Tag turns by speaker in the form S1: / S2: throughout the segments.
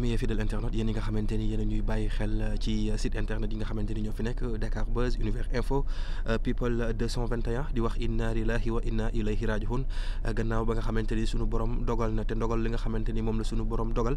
S1: ami fidèle internet yéen ñi nga xamante ni yéen ñuy euh, euh, yi nga xamante ni ñoo fi nekk euh, Dakar Buzz Univers Info People 221 di wax inna lillahi wa inna ilayhi rajiun gannaaw ba nga xamante ni borom dogal na te ndogal li nga xamante ni moom la suñu borom dogal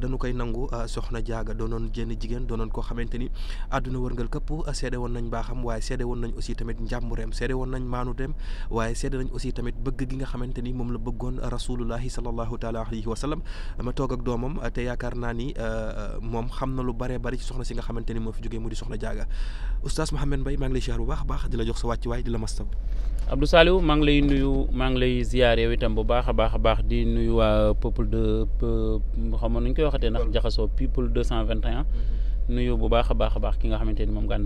S1: dañu koy nangu soxna jaaga doonoon jenn jigéen doonoon koo xamante ni àdduna wërngal këpp seede woon nañ baaxam waaye seede woon nañ aussi tamit njàmbureem seede woon nañ maanu dem waaye seede nañ aussi tamit bëgg gi nga xamante ni moom la bëggoon rasulullahi sallallahu taala alayhi wa sallam ma toog ak naa ni euh, euh, moom xam na lu bare bari ci soxna si nga xamante ni moo fi jógee mu di soxna jaaga oustaz Mouhamed Mbaye maa ngi lay ziar bu baax baax di la jox sa wàccuwaay di la mastaw.
S2: Abdou Saliou maa ngi lay nuyu maa ngi lay ziar yow itam bu baax a baax a baax di nuyu waa peuple de xam nga nu ñu koy waxatee ndax jaxasoo vingt 221. Mhm. nuyu bu baax a baax a baax ki nga xamante ni moom nga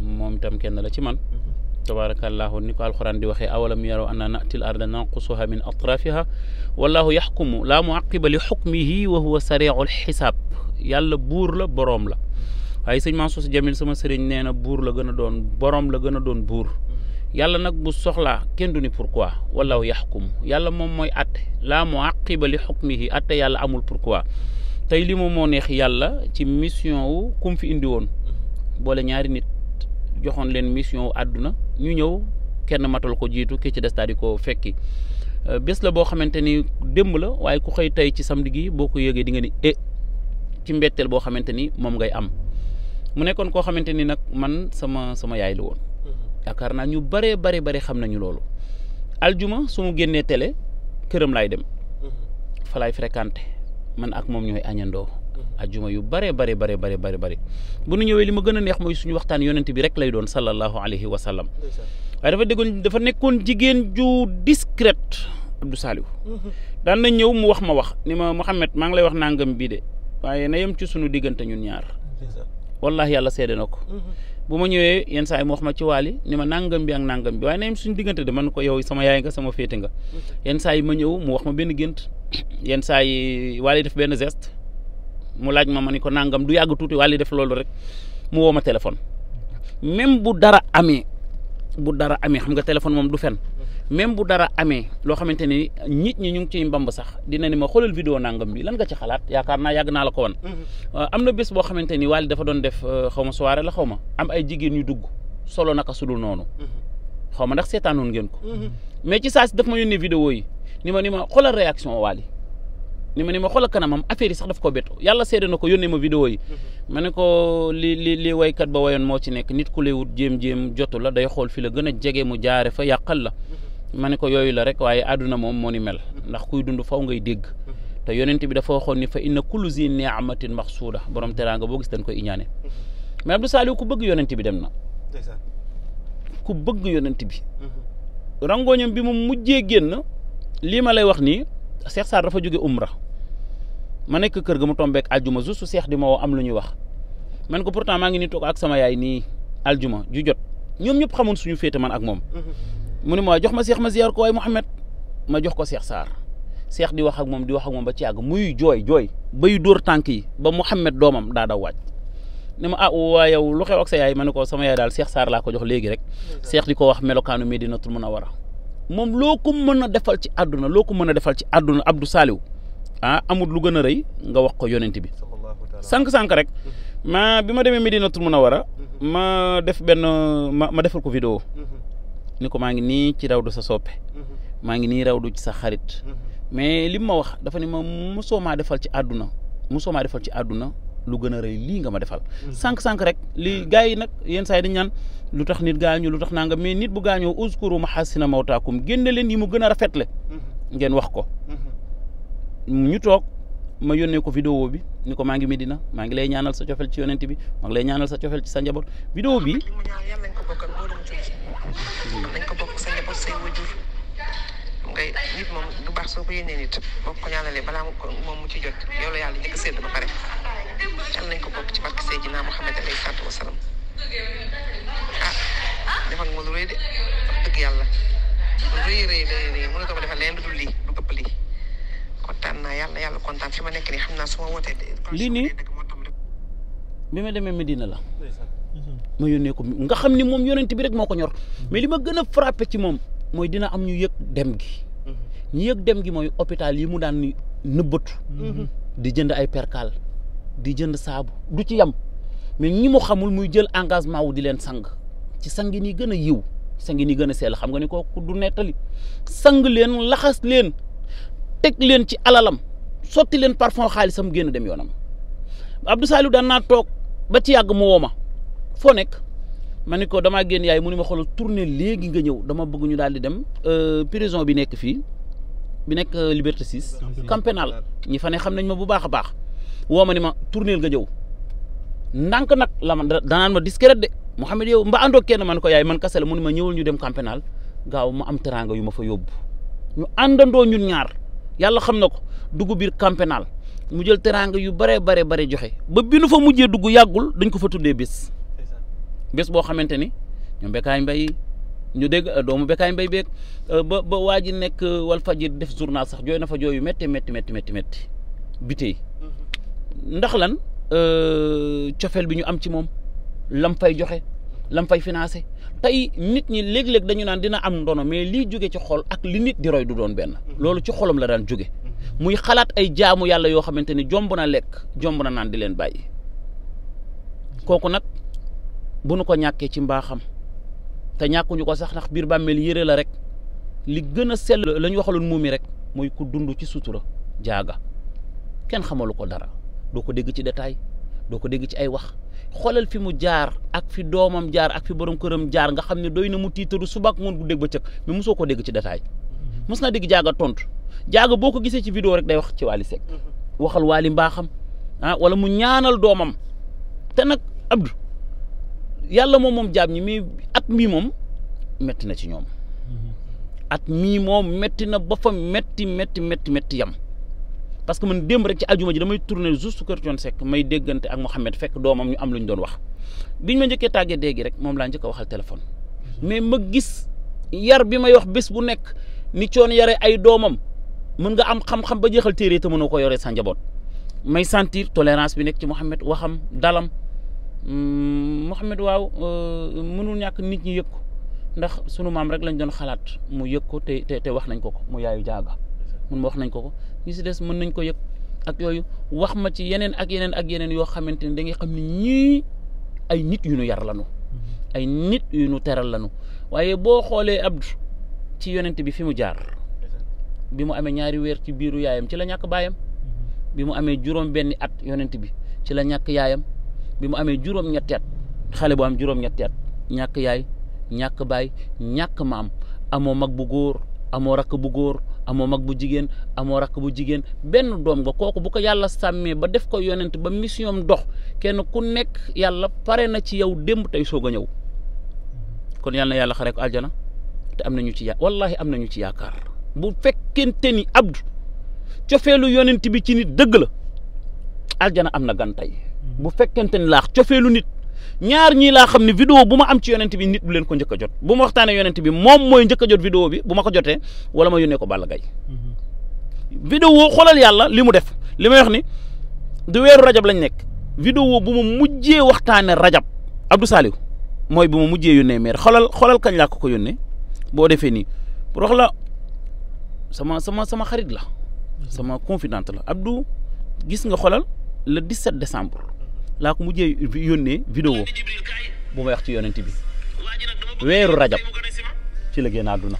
S2: moom itam kenn la ci man. Mhm. tabaarakallaahu ni ko alxuraan di waxee awalam yaraw anna natil arda nanqusuha min atrafiha wallahu yaxkumu laa muaqiba li xukmihi wa huwa xisaab yàlla buur la boroom la waaye sëñ Mansour Sy Djamil sama nee na buur la gën a doon boroom la gën a doon buur yàlla nag bu soxlaa kenn du ni pourquoi wallahu yaxkum yàlla moom mooy atte laa muaqiba li xukmihi atte yàlla amul pourquoi tey li moom moo neex yàlla ci mission wu kum fi indi woon boole ñaari nit joxoon leen mission àdduna ñu ñëw kenn matal ko jiitu ki ci des daal di ko fekki euh, bés la boo xamante ni démb la waaye ku xëy tey ci samedi gi boo ko yëgee di nga ni e ci mbetteel boo xamante ni moom ngay am mu nekkoon koo xamante ni nag man sama sama yaay la woon mm-hmm. yaakaar naa ñu bare bare xam nañu loolu aljuma su mu génnee télé këram laay dem mm-hmm. fa laay fréquenté man ak moom ñooy añandoo Mm-hmm. ajjuma yu bare bare bare bare bare bare bu nu ñëwee li ma gën a neex mooy suñu waxtaan yonent bi rek lay doon sallallahu alayhi wa sallam waaye dafa déggoon dafa nekkoon jigéen ju discrète Abdou Saliou mm-hmm. daan na ñëw mu wax ma wax ni ma Mouhamed maa ngi lay wax nangam bii de waaye na yem ci suñu diggante ñun ñaar wallahi yàlla seede na ko mm-hmm. bu ma ñëwee yenn saa mu wax ma ci waali ni ma nangam bi ak nangam bi waaye na yem suñu diggante de man ko yow sama yaay nga sama féete nga yenn saa yi ma ñëw mu wax ma benn gént yenn saa yi waali def benn geste mu laaj ma ma ni ko nangam du yàgg tuuti wàlli def loolu rek mu woo ma téléphone même bu dara amee bu dara amee xam nga téléphone moom du fen même bu dara amee loo xamante ni nit ñi ñu ngi ciy mbamb sax dina ni ma xoolal vidéo nangam bi lan nga ci xalaat yaakaar naa yàgg naa la ko wan. Mhm. am na bés boo xamante ni Wally dafa doon def euh, xaw ma soirée la xaw ma am ay jigéen yu dugg solo naka sudul noonu. Mhm. xaw ma ndax seetaanoon ngeen ko. Mhm. mais ci saa si daf ma yónnee vidéo yi ni ma ni ma xoolal réaction Wally ni ma ni ma xoolal kanamam affaire yi sax daf ko bett yàlla seede na ko yónnee ma vidéo yi. Mhm. ma ne ko li li waykat ba wayoon moo ci nekk nit ku lay wut jéem-jéem jotu la day xool fi la gën a jege mu jaare fa yàqal la. Mhm. ma ne ko yooyu la rek waaye àdduna moom moo ni mel. Mhm. ndax kuy dund faw ngay dégg. te yonent bi dafa waxoon ni fa inna kullu zi ni'matin maxsuuda borom teraanga boo gis dañ koy iñaane. mais Abdou Saliou ku bëgg yonent bi dem na. ku bëgg bi. rangooñam bi mu mujjee génn lii ma lay wax nii. Cheikh Sarr dafa jóge umra ma nekk kër ga mu tombeek aljuma juste Cheikh di ma woo lu ñuy wax man ko pourtant maa ngi ni toog ak sama yaay nii aljuma ju jot ñoom ñëpp xamoon suñu féete man ak moom mm-hmm. mu ne ma jox ma seex ma ziar ko waaye Mouhamed ma jox ko Cheikh Sarr Cheikh di wax ak moom di wax ak moom ba ci àgg muy jooy jooy bay dóor tànk yi ba Mouhamed doomam daa daw ne ma ah waa yow lu xew ak sa yaay ma ne ko sama yaay daal Cheikh Sarr laa ko jox léegi rek Cheikh di ko wax melokaanu Medinatul wara moom loo ko mën a defal ci àdduna loo ko mën a defal ci àdduna Abdou Saliou ah amul lu gën a rëy nga wax ko yonent bi sànq-sànq rek mhm. maa bi ma demee Medinatul Munawara mhm. ma def benn ma ma defal ko vidéo mhm. ni ko maa ngi nii ci raw rawdu sa soppe maa ngi nii rawdu ci sa xarit mais li mu ma wax dafa ne ma mosoo maa defal ci àdduna mosoo maa defal ci àdduna lu gën a lii nga ma defal. Mhm. sànq-sànq rek li mhm. gars yi nag yenn saa yi dañu naan lu tax nit gaañu lu tax naa nga mais nit bu gaañoo uskuru mahasina mawtaakum génne leen yi mu gën a rafetle. Mhm. ngeen wax ko. ñu toog ma yónnee ko vidéo bi ni ko maa ngi Medina maa ngi lay ñaanal sa cofel ci yonent bi maa ngi lay ñaanal sa cofel ci sa njaboot vidéo bi.
S1: ngay nit moom lu ko yéenee nit boo a am ah, yàlla lu rëy lii yàlla yàlla kontaan ma nekk nii xam naa su ma wootee.
S2: lii nii bi ma demee Medina la. ma yónnee ko nga xam ni moom yónent bi rek moo ko ñor. mais li ma gën a frappé ci moom mooy dina am ñu yëg dem gi. Mhm. ñu yëg dem gi mooy hôpital yi mu daan nëbbatu. Mhm. di jënd ay percal. di jënd saabu du ci yam mais ñi mu xamul muy jël engagement wu di leen sang ci sang yi gën a yiw sang yi gën a seel xam nga ni kooku du nettali sang leen laxas leen teg leen ci alalam sotti leen parfum xaalisam génn dem yoonam Abdou Saliou daan naa toog ba ci yàgg mu ma foo nekk ma ni ko damaa génn yaay mu ni ma xoolal tourné léegi nga ñëw dama bëgg ñu daal di dem euh, prison bi nekk fii bi nekk euh, Liberté 6 camp ñi fa ne xam nañ ma bu baax a baax woo ma ni ma tourner nga ñëw nank nag la ma danaan ma discret de Mouhamed yow mba àndoo kenn man ko yaay man kese la mu ne ma ñëwul ñu dem camp pénal gaaw ma am teraanga yu ma fa yóbbu ñu àndandoo ñun ñaar yàlla xam na ko dugg biir camp pénal mu jël teraanga yu bare bare bare joxe ba bi fa mujjee dugg yàggul dañ ko fa tuddee bés. bés boo xamante ni ñoom Bécaye Mbaye ñu dégg euh, doomu Bécaye Mbaye beeg euh, ba ba waa ji nekk euh, Walfadjri def journal sax jooy na fa jooy yu métti métti métti métti métti bitey ndax lan euh, cofeel bi ñu am ci moom lam fay joxe lam fay financé tey nit ñi léeg-léeg dañu naan dina am ndono mais liy jóge ci xol ak li nit di roy du doon benn loolu ci xolam la daan jóge muy xalaat ay jaamu yàlla yoo xamante ni jomb na lekk jomb na naan di leen bàyyi kooku nag bu nu ko ñàkkee ci mbaaxam te ñàkkuñu ko sax ndax biir bàmmeel yére la rek li gën a sell la ñu waxaloon muumi rek muy ku dund ci sutura jaaga kenn xamalu ko dara doo ko dégg ci détail doo ko dégg ci ay wax xoolal fi mu jaar ak fi doomam jaar ak fi borom këram jaar nga xam ne doy na mu tiitaru subak ak ngoon bu dégg ba cëg mais mosoo ko dégg ci détail mm-hmm. mos na dégg jaaga tontu jaaga boo ko gisee ci vidéo rek day wax ci Wally Seck mm-hmm. waxal Wally mbaaxam ah wala mu ñaanal doomam te nag Abdou yàlla moom moom jaam ñi mais at mii moom metti na ci ñoom mm-hmm. at mii moom metti na ba fa metti metti metti metti yam parce que man démb rek ci aljuma ji damay tourner juste kër Thione Seck may déggante ak Mouhamed fekk doomam ñu am lu ñu doon wax biñ ma njëkkee tàggee déegi rek moom laa njëkk a waxal téléphone. mais ma gis yar bi may wax bés bu nekk ni Thione yare ay doomam mën nga am xam-xam ba jeexal téere te a ko yore sa njaboot may sentir tolérance bi nekk ci Mouhamed waxam dalam mm, Mouhamed waaw euh, mënul ñàkk nit ñi yëg ko ndax sunu maam rek lañ doon xalaat mu yëg te te te wax nañ ko ko mu yaayu jaaga. mun ma wax nañ ko ko ñu si des mën nañ ko yëg ak yooyu wax ma ci yeneen ak yeneen ak yeneen yoo xamante ni da xam ne ñii ay nit yu nu yar lanu mm-hmm. ay nit yu nu teral lanu waaye boo xoolee Abdou ci yonent bi fi mu jaar bi mu amee ñaari weer ci biiru yaayam ci la ñàkk baayam mm-hmm. bi mu amee juróom benni at yonent bi ci la ñàkk yaayam bi mu amee juróom ñetti at xale bu am juróom ñetti at ñàkk yaay ñàkk baay ñàkk maam amoo mag bu góor amoo rakk bu góor amoo mag bu jigéen amoo rakk bu jigéen benn doom nga kooku bu ko yàlla sàmmee ba def ko yonent ba mission dox kenn ku nekk yàlla pare na ci yow démb tey soog a ñëw kon yàlla na yàlla ko aljana te am nañu ci ya wallaahi am nañu ci yaakaar bu fekkente ni abdu cofeelu yonent bi ci nit dëgg la aljana am na gan tey hmm. bu fekkente ni laax cofeelu nit ñaar ñii laa xam ne vidéo bu ma am ci yonent bi nit du leen ko njëkk a jot bu ma waxtaanee yonent bi moom mooy njëkk a jot vidéo bi bu ma ko jotee wala ma yónnee ko Balla Gaye mm-hmm. vidéo xoolal yàlla li mu def li may wax ni du weeru rajab lañ nekk vidéo bu ma mujjee waxtaane rajab Abdou Saliou mooy bu ma mujjee yónnee meer xoolal xoolal kañ laa ko ko yónnee boo defee nii pour wax la sama sama sama xarit la mm-hmm. sama confidente la Abdou gis nga xoolal le 17 décembre laa ko mujjee yónnee vidéo bu may wax ci yonent bi weeru rajab ci la génn àdduna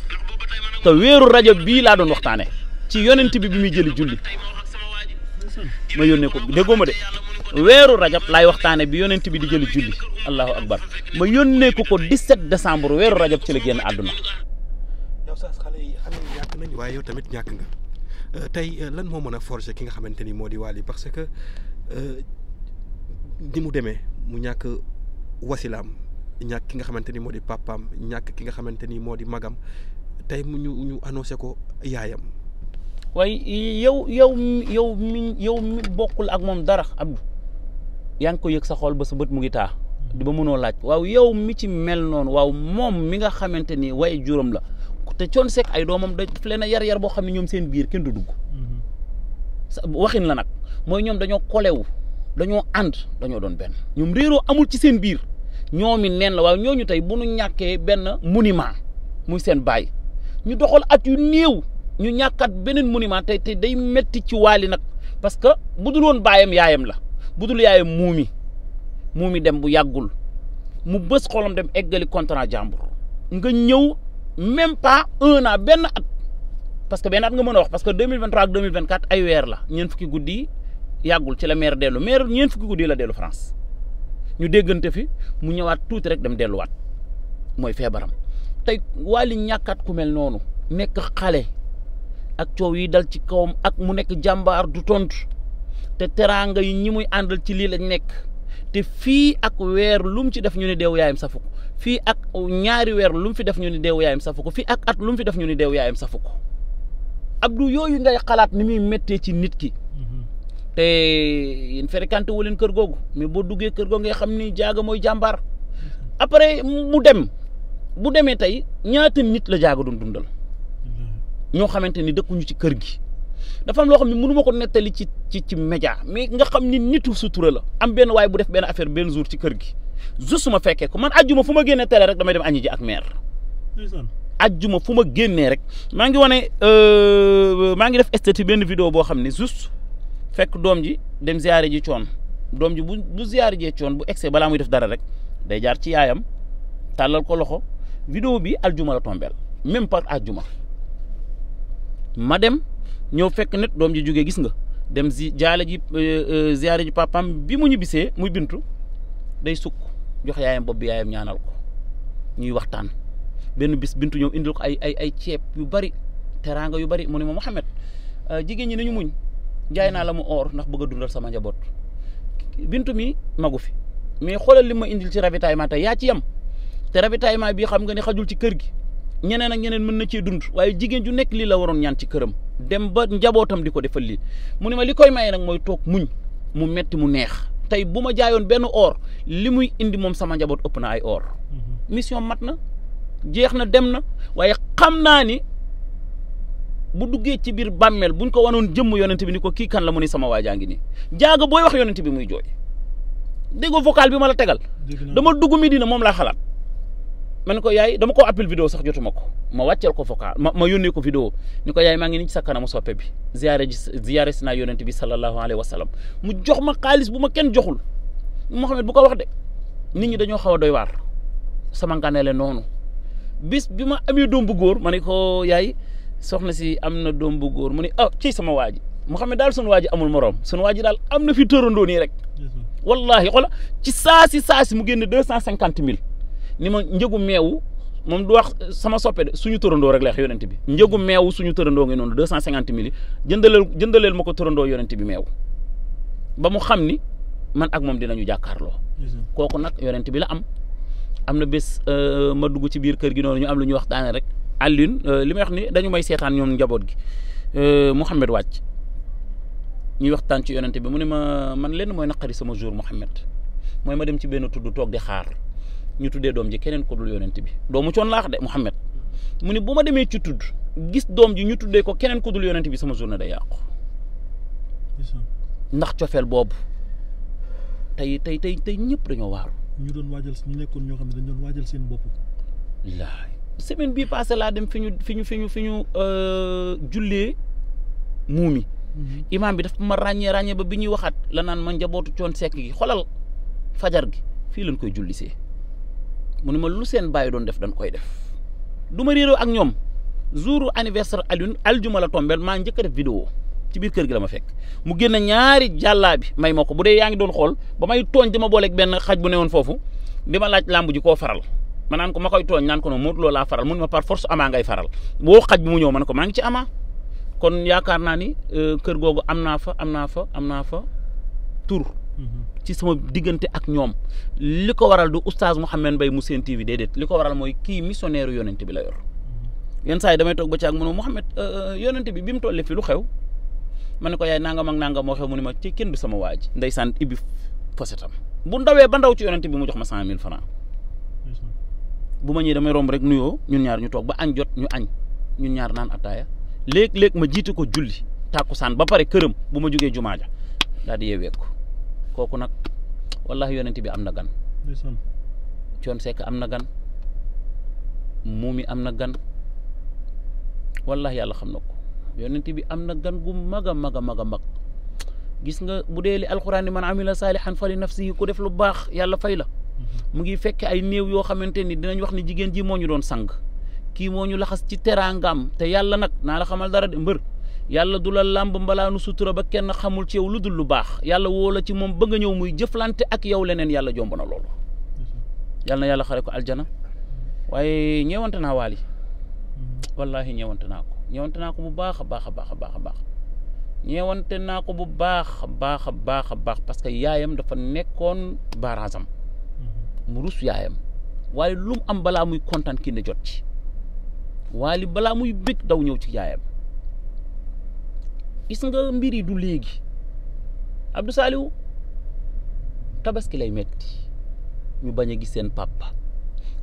S2: te weeru rajab bii laa doon waxtaane ci yonent bi bi muy jëli julli ma yónnee ko déggoo ma de weeru rajab laay waxtaane bi yonent bi di jëli julli allahu akbar ma yónnee ko ko 17 décembre weeru rajab ci la génn àdduna
S1: yow saas yi xam nañ waaye tamit ñàkk nga euh, tey euh, lan moo mën a forger ki nga xamante ni moo di Wally parce que euh, ni mu demee mu ñàkk wasilaam ñàkk ki nga xamante ni moo di papaam ñàkk ki nga xamante ni moo di magam tey mu ñu ñu annoncé ko yaayam. waaye yow yow yow
S2: mi yow mi ak moom dara Abdou ngi ko yëg sa xol ba sa bët mu ngi taa. di ba mënoo laaj. waaw yow mi ci mel noonu waaw moom mi nga xamante ni waaye juróom la te coon sekk ay doomam daf leen a yar yar boo xam ne ñoom seen biir kenn du dugg. Mm-hmm. waxin la nag mooy ñoom dañoo kolewu dañoo ànd dañoo doon benn ñoom réeroo amul ci seen biir ñoomi neen la waaye ñooñu tey bu nu ñàkkee benn monument muy seen baay ñu doxal at yu néew ñu ñàkkat beneen monument tey tey day metti ci waali nag parce que bu dul woon baayam yaayam la bu dul yaayam muumi muumi dem bu yàggul mu bës xolam dem eggali contrat jàmbur nga ñëw même pas un an benn at parce benn at nga mën a wax parce ay weer la ñeent fukki guddi yàggul ci la maire dellu maire ñeent fukki guddi la dellu France ñu déggante fi mu ñëwaat tuuti rek dem delluwaat mooy feebaram tey Wally ñàkkaat ku mel noonu nekk xale ak coow yi dal ci kawam ak mu nekk jàmbaar du tontu te teraanga yi ñi muy àndal ci lii lañ nekk te fii ak weer lu ci def ñu ne deew yaayam sa ko fii ak ñaari weer lu fi def ñu ne deew yaayam safu ko fii ak at lu mu fi def ñu ne deew yaayam safu ko Abdou yooyu ngay xalaat ni muy mettee ci nit ki. te yéen fréquenté wu leen kër googu mais boo duggee kër googu nga xam ni jaaga mooy jàmbaar après mu dem bu demee tey ñaata nit la jaaga doon dundal ñoo xamante ni dëkkuñu ci kër gi dafa am loo xam ne mënu ma ko nettali ci ci ci média mais nga xam ni nitu sutura am benn waaye bu def benn affaire benn jour ci kër gi juste ma fekkee ko man ajjuma fu ma génnee télé rek damay dem añi ji ak maire ajjuma fu ma génnee rek maa ngi wane euh, maa ngi def esthétique benn video boo xam ne juste fekk doom ji dem ziare ji coon doom ji bu bu ziare jee coon bu egsee balaa muy def dara rek day jaar ci yaayam tàllal ko loxo vidéo bi aljuma la tombeel même par aljuma ma dem ñëw fekk nit doom ji jóge gis nga dem zi jaale ji euh, euh, ziare ji papam bi mu bisee muy bintu day sukk jox yaayam bopp yaayam ñaanal ko ñuy waxtaan benn bis bintu ñëw indil ko ay ay ay ceeb yu bari teraanga yu bari mu ne ma Mouhamed euh, jigéen ñi nañu muñ jaay naa la mu or ndax bëgg a dundal sama njaboot bintu mi fi mais xoolal li ma indil ci rabitaay ma tey yaa ci yam te ravitaillement bi xam nga ne xajul ci kër gi ñeneen ak ñeneen mën na cee dund waaye jigéen ju nekk lii la waroon ñaan ci këram dem ba njabootam di ko defal lii mu ne ma li koy maye nag mooy toog muñ mu metti mu neex tey bu ma jaayoon benn or li muy indi moom sama njaboot ëpp na ay or mhm. mission mat na jeex na dem na waaye xam naa ni bu duggee ci biir bàmmeel ñu ko wanoon jëmm yonent bi ni ko kii kan la mu ni sama waa ngi nii jaaga booy wax yonent bi muy jooy déggoo vocal bi ma la tegal. dama dugg Medina moom laa xalaat. man ko yaay dama ko appel vidéo sax jotuma ko ma wàcceel ko vocal ma ma yónnee ko vidéo ni ko yaay maa ngi ni ci sa kanamu soppe bi ziyaare ziyaare si naa yonent bi sallallahu alayhi wa sallam mu jox ma kaalis bu ma kenn joxul Mouhamed bu ko wax de nit ñi dañoo xaw a doy waar sama ngànneele noonu bis bi ma amee doom bu góor ma ne ko yaay. soxna si am na doom bu góor mu ne ah ci sama waaj ji mu xam ne daal sunu waaj amul morom sunu waa ji daal am na fi tërandoo nii rek. wallahi xola ci saasi saasi mu génn deux cent cinquante mille ni ma njëgu meewu moom du wax sama soppe de suñu tërandoo rek la wax yonent bi njëgu meewu suñu tërandoo ngi noonu deux cent cinquante mille yi jëndaleel jëndaleel ma ko tërandoo yonent bi meew ba mu xam ni man ak moom dinañu jàkkaarloo. kooku nag yonent bi la am am na bés euh, ma dugg ci biir kër gi noonu ñu am lu ñuy waxtaanee rek. Alioune euh, li may wax ni dañu may seetaan ñoom njaboot gi euh, Mouhamed wàcc ñuy waxtaan ci yonente bi mu ne ma man lenn mooy naqari sama jour Mouhamed mooy ma dem ci benn tudd toog di xaar ñu tuddee doom ji keneen ko dul yonente bi doomu coon laax de Mouhamed mu ne bu ma demee ci tudd gis doom ji ñu tuddee ko keneen ko bi sama journée day yàqu ndax cofeel boobu tey tey tey tey ñëpp dañoo waaru ñu
S1: doon waajal ñu nekkoon ñoo xam ne seen bopp.
S2: semaine bii passé laa dem fi ñu fi ñu fi ñu fi ñu euh, jullee muumi mm-hmm. imaam bi daf ma ràññee ràññee ba bi ñuy waxaat la naan ma njabootu coon sekk gi xolal fajar gi fii lañ koy jullisee mun ne ma lu seen bàyyi doon def dañ koy def du ma réeroo ak ñoom jour anniversaire Alioune aljuma la tombeel maa njëkk def vidéo ci biir kër gi la ma fekk mu génn ñaari jàllaa bi may ma ko bu dee yaa ngi doon xool ba may tooñ dama ma benn xaj bu newoon foofu di ma laaj làmb ji koo faral ma naan ko ma koy tooñ naan ko noonu Modou Lo laa faral mun ma par force amaa ngay faral boo xaj bi mu ñëw ma ne ko maa ngi ci amaa kon yaakaar naa ni euh, kër googu am naa fa am naa fa am naa fa tur. Mm-hmm. ci sama diggante ak ñoom li ko waral du oustaz Mouhamed Mbaye mu seen TV déedéet li ko waral mooy kii missionnaire yonent bi la yor mm-hmm. yenn saa yi damay toog ba ci ak mu ne Mouhamed euh, euh, yonent bi bi mu tollee fi lu xew ma ne ko yaay nangam ak nangam moo xew mu ne ma ci kenn du sama waa ji ndeysaan ibbi fosetam bu ndawee ba ndaw ci yonent bi mu ma cent mille francs bu ma ñëwee damay romb rek nuyoo ñun ñaar ñu toog ba añ jot ñu añ ñun ñaar naan attaaya léeg-léeg ma jiite ko julli tàkkusaan ba pare këram bu ma jógee jumaa ja daal di ko kooku nag wallahi yonent bi am na gan. coon am na gan muumi am na gan wallahi yàlla xam na ko yonent bi am na gan gu mag a mag a mag a mag gis nga bu dee li alxuraan ni man amila saalihan fa li nafsihi ku def lu baax yàlla fay la. mu ngi fekk ay néew yoo xamante ni dinañ wax ni jigéen ji moo ñu doon sang kii moo ñu laxas ci teraangam te yàlla nag naa la xamal dara de mbër yàlla du la làmb mbalaanu sutura ba kenn xamul ci yow lu dul lu baax yàlla woo la ci moom ba nga ñëw muy jëflante ak yow leneen yàlla jomb na loolu. yàlla na yàlla xare ko aljana waaye ñeewante naa waali wallaahi ñeewante naa ko ñeewante naa ko bu baax a baax a baax a baax a baax ñeewante naa ko bu baax a baax a baax a baax parce que yaayam dafa nekkoon baaraasam. mu rus yaayam waaye lu mu am balaa muy kontaan kii ne jot ci waali balaa muy bég daw ñëw ci yaayam gis nga mbir yi du léegi Abdou Saliou tabaski lay metti ñu bañ a gis seen papa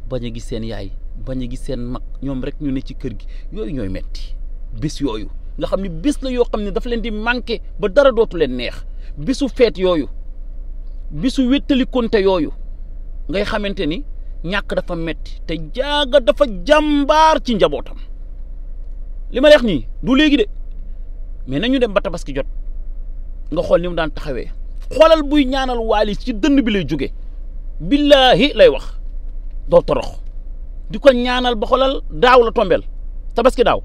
S2: bañ a gis seen yaay bañ a gis seen mag ñoom rek ñu ne ci kër gi yooyu ñooy metti bés yooyu nga xam ne bés la yoo xam ne dafa leen di manqué ba dara dootu leen neex bésu feet yooyu bésu wéttali konte yooyu ngay xamante ni ñàkk dafa metti te jaaga dafa jàmbaar ci njabootam li ma leex nii du léegi de mais ñu dem ba tabaski jot nga xool ni mu daan taxawee xoolal buy ñaanal waali ci dënn bi lay jóge billaahi lay wax doo torox di ko ñaanal ba xoolal daaw la tombeel tabaski daaw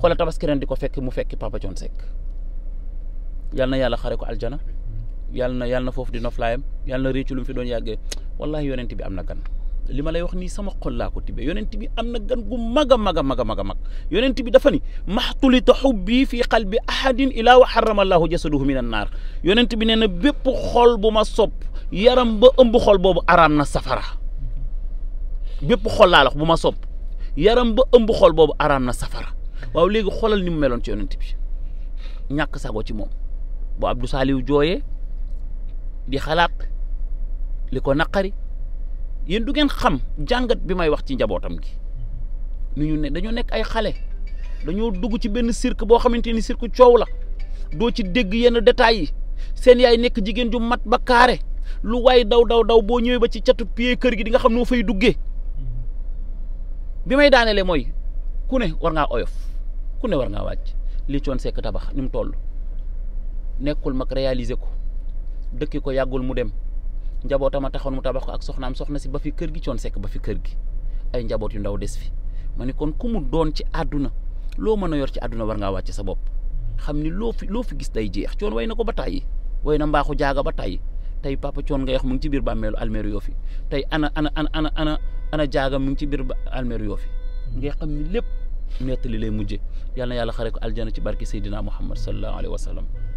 S2: xoolal tabaski ren di ko fekk mu fekk Papa Thione Seck yal na yàlla xare ko aljana yàlla na yàlla foofu di noflaayam yàlla na réccu lu mu fi doon yàggee wallahi yonent bi am na gan li ma lay wax nii sama xol laa ko tibbee yonent bi am na gan gu mag a mag a mag a mag a mag yonent bi dafa ni maxtulita xubbi fii qalbi ahadin ilaa wa xarama allahu jasaduhu min an naar yonent bi nee na bépp xol bu ma sob yaram ba ëmb xol boobu araam na safara bépp xol laa bu ma sopp yaram ba ëmb xol boobu araam na safara waaw léegi xolal ni mu meloon ci yonent bi ñàkk sago ci moom di xalaat li ko naqari yéen du ngeen xam jàngat bi may wax ci njabootam gi nu ñu ne dañoo nekk ay xale dañoo dugg ci benn cirque boo xamante ni cirque coow la doo ci dégg yenn détails yi seen yaay nekk jigéen ju mat ba kaare lu waay daw daw daw boo ñëwee ba ci catu pied kër gi di nga xam noo fay duggee bi may daanelee mooy ku ne war ngaa oyof ku ne war ngaa wàcc li coon sekk tabax ni mu toll nekkul mag réaliser ko dëkki ko yàggul mu dem njabootam a taxoon mu tabax ko ak soxnaam soxna si ba fi kër gi coon sekk ba fi kër gi ay njaboot yu ndaw des fi ma ne kon ku mu doon ci àdduna loo mën a yor ci àdduna war ngaa wàcc sa bopp xam ni loo fi loo fi gis day jeex coon way na ko ba tàyyi way na mbaaxu jaaga ba tàyyi tey papa coon nga wax mu ngi ci biir bàmmeelu almeeru yoo fi tey ana ana ana ana ana jaaga mu ngi ci biir almeeru yoo fi ngay xam ni lépp nettali lay mujje yàlla na yàlla xare ko aljana ci barke Seydina Muhammad sallallahu alayhi wa sallam